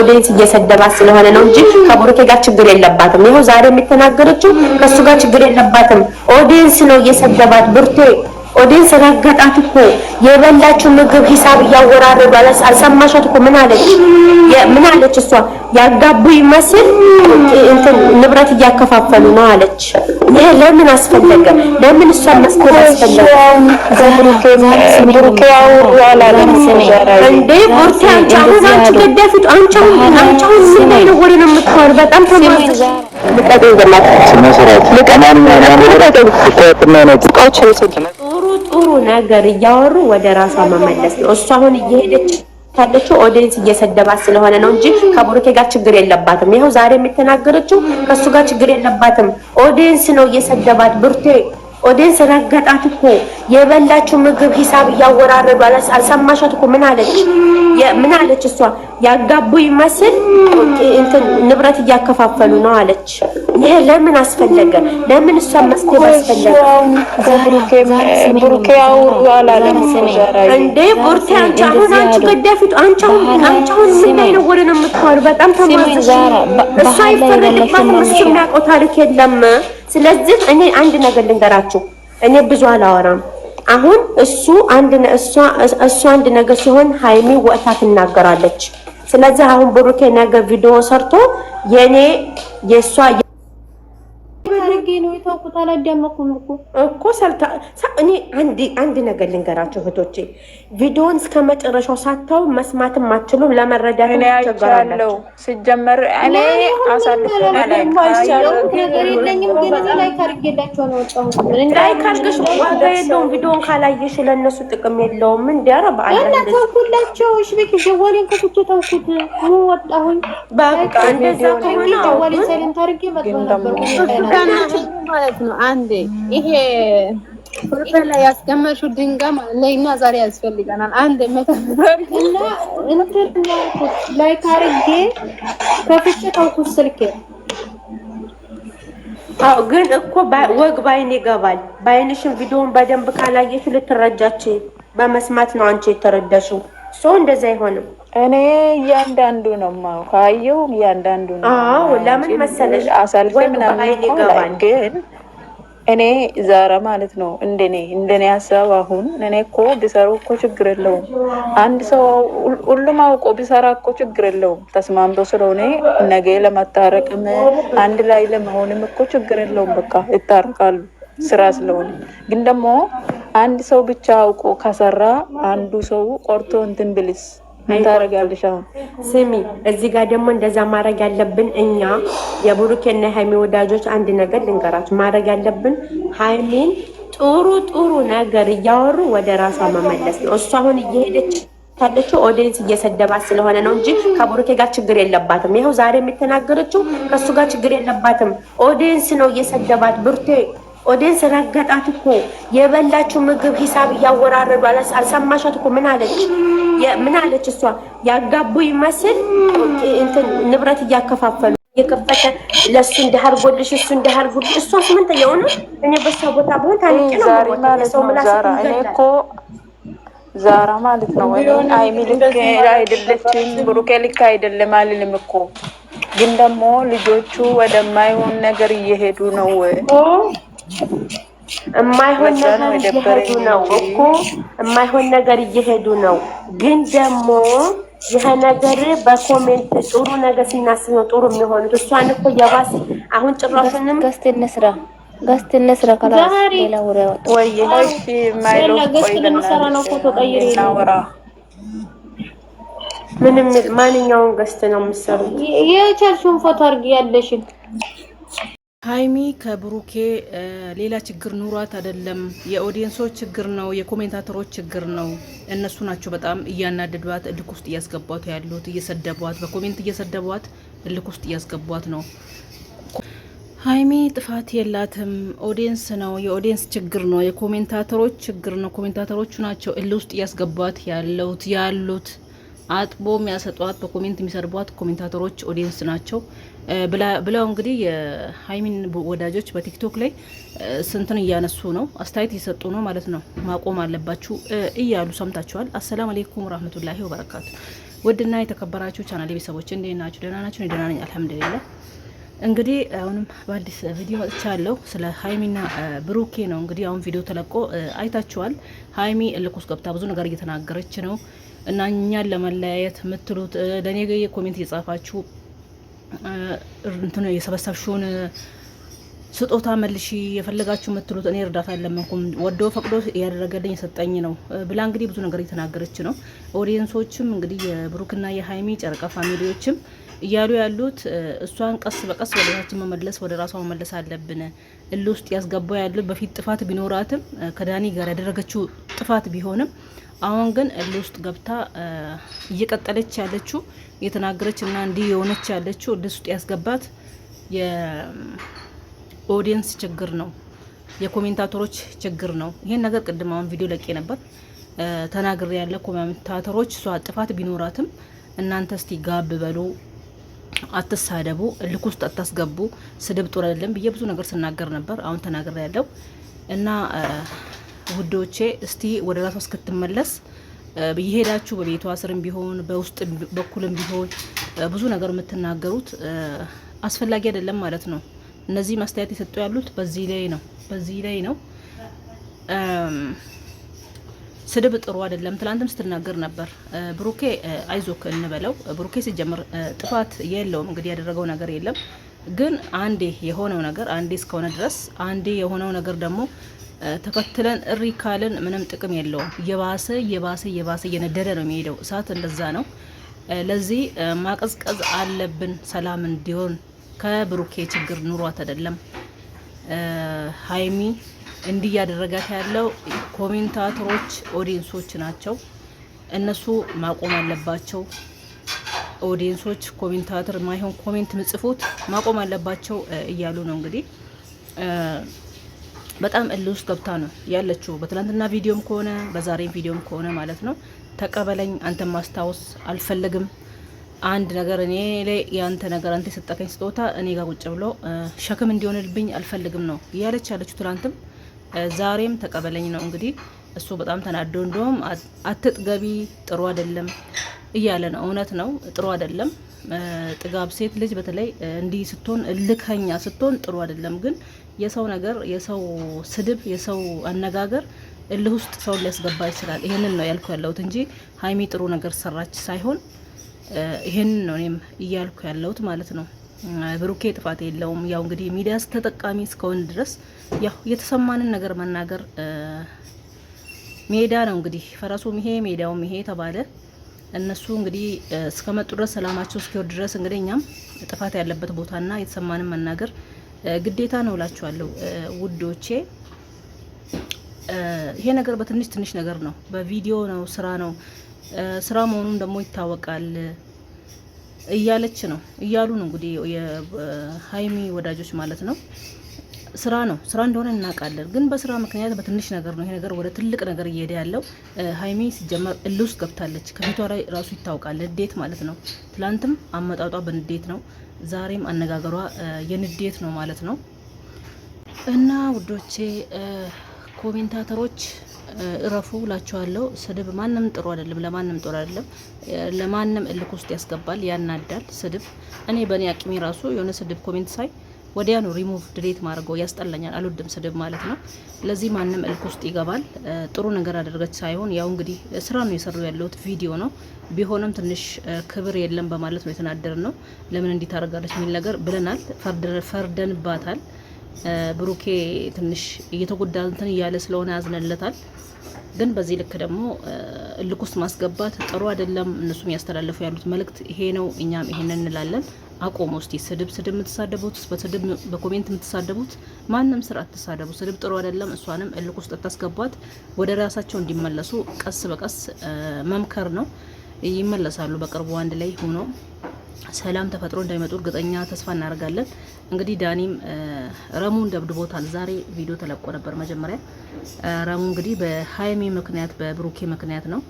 ኦዲንስ እየሰደባት ስለሆነ ነው እንጂ ከብሩኬ ጋር ችግር የለባትም። ይኸው ዛሬ የሚተናገረችው ከእሱ ጋር ችግር የለባትም። ኦዲንስ ነው እየሰደባት ብርቴ ኦዲንስ ረገጣት እኮ የበላችው ምግብ ሂሳብ እያወራረዱ አልሰማሻት እኮ ምን አለች? ምን አለች? እሷ ያጋቡ ይመስል እንትን ንብረት እያከፋፈሉ ነው አለች። ይሄ ለምን አስፈለገ? ለምን እሷ መስኮት አስፈለገ? እንዴ አንቺ አሁን አንቺ ገዳፊቱ አንቺ አንቺ አሁን ምን ላይ ነው ወሬ ነው የምትሆን? በጣም ተማርዘ ልቀጥ ይዘላት ስነ ስርዓት ልቀጥ ነው ነው ጥሩ ነገር እያወሩ ወደ ራሷ መመለስ ነው። እሱ አሁን እየሄደች ካለችው ኦዲየንስ እየሰደባት ስለሆነ ነው እንጂ ከቡሩኬ ጋር ችግር የለባትም። ይኸው ዛሬ የሚተናገረችው ከእሱ ጋር ችግር የለባትም። ኦዲየንስ ነው እየሰደባት ብርቴ ኦዴንስ ረገጣት እኮ የበላችው ምግብ ሂሳብ እያወራረዱ አልሰማሻት እኮ ምን አለች? ምን አለች? እሷ ያጋቡ ይመስል እንትን ንብረት እያከፋፈሉ ነው አለች። ይሄ ለምን አስፈለገ? ለምን እሷ መስኮት አስፈለገ? ቡርኬ አላለም እንዴ? ቡርቴ አንቺ አሁን አንቺ ገዳፊቱ አንቺ አሁን አንቺ አሁን ምን ላይ ነው ወደ ነው የምትሆነው? በጣም ተማዘሽ። እሷ ይፈረድባትም እሱ የሚያውቀው ታሪክ የለም። ስለዚህ እኔ አንድ ነገር ልንገራችሁ። እኔ ብዙ አላወራም። አሁን እሱ አንድ እሷ እሱ አንድ ነገር ሲሆን ሃይሚ ወጥታ ትናገራለች። ስለዚህ አሁን ብሩኬ ነገር ቪዲዮ ሰርቶ የኔ የእሷ ፈልጌ ነው የተውኩት። አላዳመኩም እኮ እኮ ሰልታ እኔ አንድ ነገር ልንገራቸው እህቶቼ፣ ቪዲዮን እስከ መጨረሻው ሳታው መስማትም አትችሉም። ለመረዳት ያቸገራለው ሲጀመር እኔ ዋጋ የለውም። ቪዲዮን ካላየሽ ለእነሱ ጥቅም የለውም። እንዲያረ በአና ተውኩላቸው። እሺ ቤት ጀዋሌን ከፍቼ ተውኩት። ሙ ወጣሁኝ በቃ እንደዛ ከሆነ ጀዋሌ ሰሌን ታርጌ መጥቶ ነበር ማለት ነው። አንዴ ይሄ ፍርፍር ላይ ያስቀመጥሽው ድንጋይ ለኛ ዛሬ ያስፈልገናል። አንድ እና እንትን ላይ ካርጌ ከፍቼ ተውኩት ስልኬ። አዎ ግን እኮ ወግ ባይን ይገባል። ባይንሽን ቪዲዮውን በደንብ ካላየሽ ልትረጃች በመስማት ነው አንቺ የተረዳሽው። ሶ እንደዛ አይሆንም። እኔ እያንዳንዱ ነው ማው ካየው እያንዳንዱ ነው። ለምን መሰለሽ አሳልፈ ምናምን ግን እኔ ዛራ ማለት ነው እንደኔ እንደኔ ሀሳብ አሁን እኔ እኮ ቢሰሩ እኮ ችግር የለውም። አንድ ሰው ሁሉም አውቆ ቢሰራ እኮ ችግር የለውም። ተስማምቶ ስለሆነ ነገ ለማታረቅም አንድ ላይ ለመሆንም እኮ ችግር የለውም። በቃ ይታረቃሉ ስራ ስለሆነ ግን ደግሞ አንድ ሰው ብቻ አውቆ ከሰራ አንዱ ሰው ቆርቶ እንትን ብልስ ታረጋለሽ። ስሚ እዚህ ጋር ደግሞ እንደዛ ማድረግ ያለብን እኛ የብሩኬና ሃይሚ ወዳጆች አንድ ነገር ልንገራችሁ፣ ማድረግ ያለብን ሃይሚን ጥሩ ጥሩ ነገር እያወሩ ወደ ራሷ መመለስ ነው። እሱ አሁን እየሄደች ታለችው ኦዲየንስ እየሰደባት ስለሆነ ነው እንጂ ከብሩኬ ጋር ችግር የለባትም። ይኸው ዛሬ የሚተናገረችው ከእሱ ጋር ችግር የለባትም። ኦዲየንስ ነው እየሰደባት ብርቴ ኦዴንስ ረገጣት እኮ የበላችው ምግብ ሂሳብ እያወራረዱ አልሰማሻት እኮ ምን አለች? ምን አለች እሷ ያጋቡ ይመስል እንትን ንብረት እያከፋፈሉ የከፈተ ለሱ እንዳርጎልሽ እሱ እንዳርጎልሽ እሷ ስምንት የሆነ እኔ በሷ ቦታ ብሆን ታሪክ ነው ሰው ምላስ እኮ ዛራ ማለት ነው ወይ አይሚ ልክ አይደለችም፣ ብሩኬ ልክ አይደለም አልልም እኮ ግን ደግሞ ልጆቹ ወደማይሆን ነገር እየሄዱ ነው። የማይሆን ነገር እየሄዱ ነው እኮ የማይሆን ነገር እየሄዱ ነው። ግን ደግሞ ይሄ ነገር በኮሜንት ጥሩ ነገር ሲናስብ ነው ጥሩ የሚሆኑት። እሷን እኮ የባስ አሁን ጭራሹንም ገስት እንስራ ገስት እንስራ ካላስ ሌላ ወሬ ወጣ ወይ እሺ፣ ማይሎ ቆይ ልንሰራ ነው እኮ ተቀይሬ ነው ምንም ማንኛውን ገስት ነው የምትሰሩት። የቸርሹን ፎቶ አድርጊ ያለሽን ሀይሚ ከብሩኬ ሌላ ችግር ኑሯት አይደለም። የኦዲየንሶች ችግር ነው፣ የኮሜንታተሮች ችግር ነው። እነሱ ናቸው በጣም እያናደዷት፣ እልክ ውስጥ እያስገቧት ያሉት፣ እየሰደቧት፣ በኮሜንት እየሰደቧት፣ እልክ ውስጥ እያስገቧት ነው። ሀይሚ ጥፋት የላትም። ኦዲየንስ ነው፣ የኦዲየንስ ችግር ነው፣ የኮሜንታተሮች ችግር ነው። ኮሜንታተሮቹ ናቸው እልክ ውስጥ እያስገቧት ያለውት ያሉት አጥቦ የሚያሰጧት፣ በኮሜንት የሚሰድቧት ኮሜንታተሮች ኦዲየንስ ናቸው። ብለው እንግዲህ የሀይሚን ወዳጆች በቲክቶክ ላይ ስንትን እያነሱ ነው፣ አስተያየት እየሰጡ ነው ማለት ነው። ማቆም አለባችሁ እያሉ ሰምታችኋል። አሰላሙ አሌይኩም ረህመቱላሂ ወበረካቱ። ውድና የተከበራችሁ ቻናል ቤተሰቦች እንዴት ናችሁ? ደህና ናችሁ? ደህና ነኝ አልሐምዱሊላህ። እንግዲህ አሁንም በአዲስ ቪዲዮ መጥቻለሁ። ስለ ሀይሚና ብሩኬ ነው እንግዲህ አሁን ቪዲዮ ተለቆ አይታችኋል። ሀይሚ እልክ ውስጥ ገብታ ብዙ ነገር እየተናገረች ነው እና እኛን ለመለያየት የምትሉት ለእኔ ኮሜንት እየጻፋችሁ እንትን የሰበሰብሽውን ስጦታ መልሺ፣ የፈለጋችሁ የምትሉት እኔ እርዳታ አለመንኩም ወዶ ፈቅዶ ያደረገልኝ የሰጠኝ ነው ብላ እንግዲህ ብዙ ነገር እየተናገረች ነው። ኦዲየንሶችም እንግዲህ የብሩክና የሀይሚ ጨረቃ ፋሚሊዎችም እያሉ ያሉት እሷን ቀስ በቀስ ወደ መመለስ ወደ ራሷ መመለስ አለብን። እል ውስጥ ያስገባው ያለው በፊት ጥፋት ቢኖራትም ከዳኒ ጋር ያደረገችው ጥፋት ቢሆንም አሁን ግን እልህ ውስጥ ገብታ እየቀጠለች ያለችው እየተናገረች እና እንዲህ የሆነች ያለችው እልህ ውስጥ ያስገባት የኦዲየንስ ችግር ነው፣ የኮሜንታተሮች ችግር ነው። ይህን ነገር ቅድም አሁን ቪዲዮ ለቄ ነበር ተናግሬ ያለ ኮሜንታተሮች እሷ ጥፋት ቢኖራትም እናንተ እስቲ ጋብ በሉ፣ አትሳደቡ፣ እልክ ውስጥ አታስገቡ፣ ስድብ ጦር አይደለም ብዬ ብዙ ነገር ስናገር ነበር። አሁን ተናግሬ ያለው እና ውዶቼ እስቲ ወደ ራሷ እስክትመለስ እየሄዳችሁ በቤቷ ስርም ቢሆን በውስጥ በኩልም ቢሆን ብዙ ነገር የምትናገሩት አስፈላጊ አይደለም ማለት ነው። እነዚህ ማስተያየት የሰጡ ያሉት በዚህ ላይ ነው በዚህ ላይ ነው። ስድብ ጥሩ አይደለም። ትላንትም ስትናገር ነበር ብሩኬ አይዞክ እንበለው። ብሩኬ ሲጀምር ጥፋት የለውም እንግዲህ ያደረገው ነገር የለም። ግን አንዴ የሆነው ነገር አንዴ እስከሆነ ድረስ አንዴ የሆነው ነገር ደግሞ ተከትለን እሪ ካልን ምንም ጥቅም የለውም። የባሰ የባሰ የባሰ እየነደደ ነው የሚሄደው እሳት እንደዛ ነው። ለዚህ ማቀዝቀዝ አለብን፣ ሰላም እንዲሆን ከብሩኬ ችግር ኑሯት አይደለም ሀይሚ እንዲህ ያደረጋት ያለው ኮሜንታተሮች ኦዲየንሶች ናቸው። እነሱ ማቆም አለባቸው። ኦዲየንሶች ኮሜንታተር ማይሆን ኮሜንት ምጽፉት ማቆም አለባቸው እያሉ ነው እንግዲህ በጣም እልህ ውስጥ ገብታ ነው ያለችው። በትናንትና ቪዲዮም ከሆነ በዛሬም ቪዲዮም ከሆነ ማለት ነው ተቀበለኝ፣ አንተ ማስታወስ አልፈልግም፣ አንድ ነገር እኔ ላይ የአንተ ነገር አንተ የሰጠከኝ ስጦታ እኔ ጋር ቁጭ ብሎ ሸክም እንዲሆንልብኝ አልፈልግም ነው እያለች ያለችው ትላንትም ዛሬም ተቀበለኝ ነው እንግዲህ። እሱ በጣም ተናዶ እንደውም አትጥገቢ፣ ጥሩ አይደለም እያለ ነው። እውነት ነው፣ ጥሩ አይደለም። ጥጋብ ሴት ልጅ በተለይ እንዲህ ስትሆን፣ እልከኛ ስትሆን ጥሩ አይደለም። ግን የሰው ነገር፣ የሰው ስድብ፣ የሰው አነጋገር እልህ ውስጥ ሰውን ሊያስገባ ይችላል። ይሄንን ነው ያልኩ ያለሁት እንጂ ሀይሚ ጥሩ ነገር ሰራች ሳይሆን ይሄንን ነው እኔም እያልኩ ያለሁት ማለት ነው። ብሩኬ ጥፋት የለውም። ያው እንግዲህ ሚዲያስ ተጠቃሚ እስከሆን ድረስ ያው የተሰማንን ነገር መናገር ሜዳ ነው እንግዲህ ፈረሱም ይሄ ሜዳውም ይሄ ተባለ። እነሱ እንግዲህ እስከመጡ ድረስ ሰላማቸው እስኪወርድ ድረስ እንግዲህ እኛም ጥፋት ያለበት ቦታና የተሰማንን መናገር ግዴታ ነው እላችኋለሁ ውዶቼ። ይሄ ነገር በትንሽ ትንሽ ነገር ነው፣ በቪዲዮ ነው፣ ስራ ነው፣ ስራ መሆኑም ደግሞ ይታወቃል እያለች ነው እያሉ ነው እንግዲህ የሀይሚ ወዳጆች ማለት ነው። ስራ ነው ስራ እንደሆነ እናውቃለን፣ ግን በስራ ምክንያት በትንሽ ነገር ነው ይሄ ነገር ወደ ትልቅ ነገር እየሄደ ያለው። ሀይሚ ሲጀመር እልውስጥ ገብታለች፣ ከፊቷ ላይ ራሱ ይታወቃል። ንዴት ማለት ነው። ትላንትም አመጣጧ በንዴት ነው። ዛሬም አነጋገሯ የንዴት ነው ማለት ነው። እና ውዶቼ ኮሜንታተሮች እረፉ ላችኋለሁ። ስድብ ማንም ጥሩ አይደለም፣ ለማንም ጥሩ አይደለም፣ ለማንም እልክ ውስጥ ያስገባል፣ ያናዳል ስድብ። እኔ በእኔ አቅሜ ራሱ የሆነ ስድብ ኮሜንት ሳይ ወዲያ ነው ሪሙቭ ድሌት ማድረገው። ያስጠላኛል፣ አልወድም ስድብ ማለት ነው። ለዚህ ማንም እልክ ውስጥ ይገባል። ጥሩ ነገር አደረገች ሳይሆን ያው እንግዲህ ስራ ነው የሰሩ ያለሁት ቪዲዮ ነው። ቢሆንም ትንሽ ክብር የለም በማለት ነው የተናደር ነው። ለምን እንዲህ ታደርጋለች የሚል ነገር ብለናል፣ ፈርደንባታል። ብሩኬ ትንሽ እየተጎዳ እንትን እያለ ስለሆነ ያዝነለታል። ግን በዚህ ልክ ደግሞ እልክ ውስጥ ማስገባት ጥሩ አይደለም። እነሱም ያስተላለፉ ያሉት መልእክት ይሄ ነው። እኛም ይሄንን እንላለን። አቆሙ። እስቲ ስድብ ስድብ የምትሳደቡት በስድብ በኮሜንት የምትሳደቡት ማንም ስራ አትሳደቡ። ስድብ ጥሩ አይደለም። እሷንም እልክ ውስጥ አታስገቧት። ወደ ራሳቸው እንዲመለሱ ቀስ በቀስ መምከር ነው። ይመለሳሉ በቅርቡ አንድ ላይ ሆኖ ሰላም ተፈጥሮ እንዳይመጡ እርግጠኛ ተስፋ እናደርጋለን። እንግዲህ ዳኒም ረሙን ደብድቦታል። ዛሬ ቪዲዮ ተለቆ ነበር። መጀመሪያ ረሙ እንግዲህ በሀይሚ ምክንያት በብሩኬ ምክንያት ነው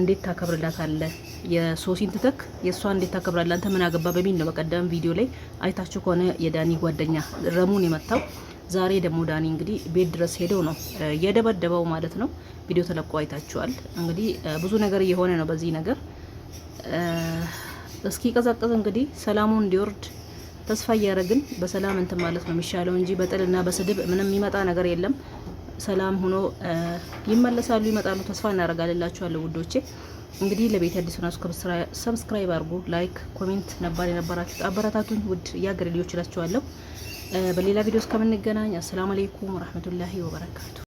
እንዴት ታከብርላታለህ? የሶሲን ትተክ የእሷ እንዴት ታከብራለህ? አንተ ምን አገባ በሚል ነው። በቀደም ቪዲዮ ላይ አይታችሁ ከሆነ የዳኒ ጓደኛ ረሙን የመታው። ዛሬ ደግሞ ዳኒ እንግዲህ ቤት ድረስ ሄደው ነው የደበደበው ማለት ነው። ቪዲዮ ተለቆ አይታችኋል። እንግዲህ ብዙ ነገር እየሆነ ነው በዚህ ነገር እስኪ እስኪቀዘቅዝ እንግዲህ ሰላሙ እንዲወርድ ተስፋ እያደረግን በሰላም እንትን ማለት ነው የሚሻለው እንጂ በጥልና በስድብ ምንም የሚመጣ ነገር የለም። ሰላም ሆኖ ይመለሳሉ፣ ይመጣሉ። ተስፋ እናደርጋልላችኋለሁ ውዶቼ። እንግዲህ ለቤት አዲስ ሆናችሁ ሰብስክራይብ አድርጉ፣ ላይክ፣ ኮሜንት፣ ነባር የነበራችሁት አበረታቱን። ውድ የሀገር ልጆች እላችኋለሁ። በሌላ ቪዲዮ እስከምንገናኝ አሰላሙ አሌይኩም ወረህመቱላሂ ወበረካቱ።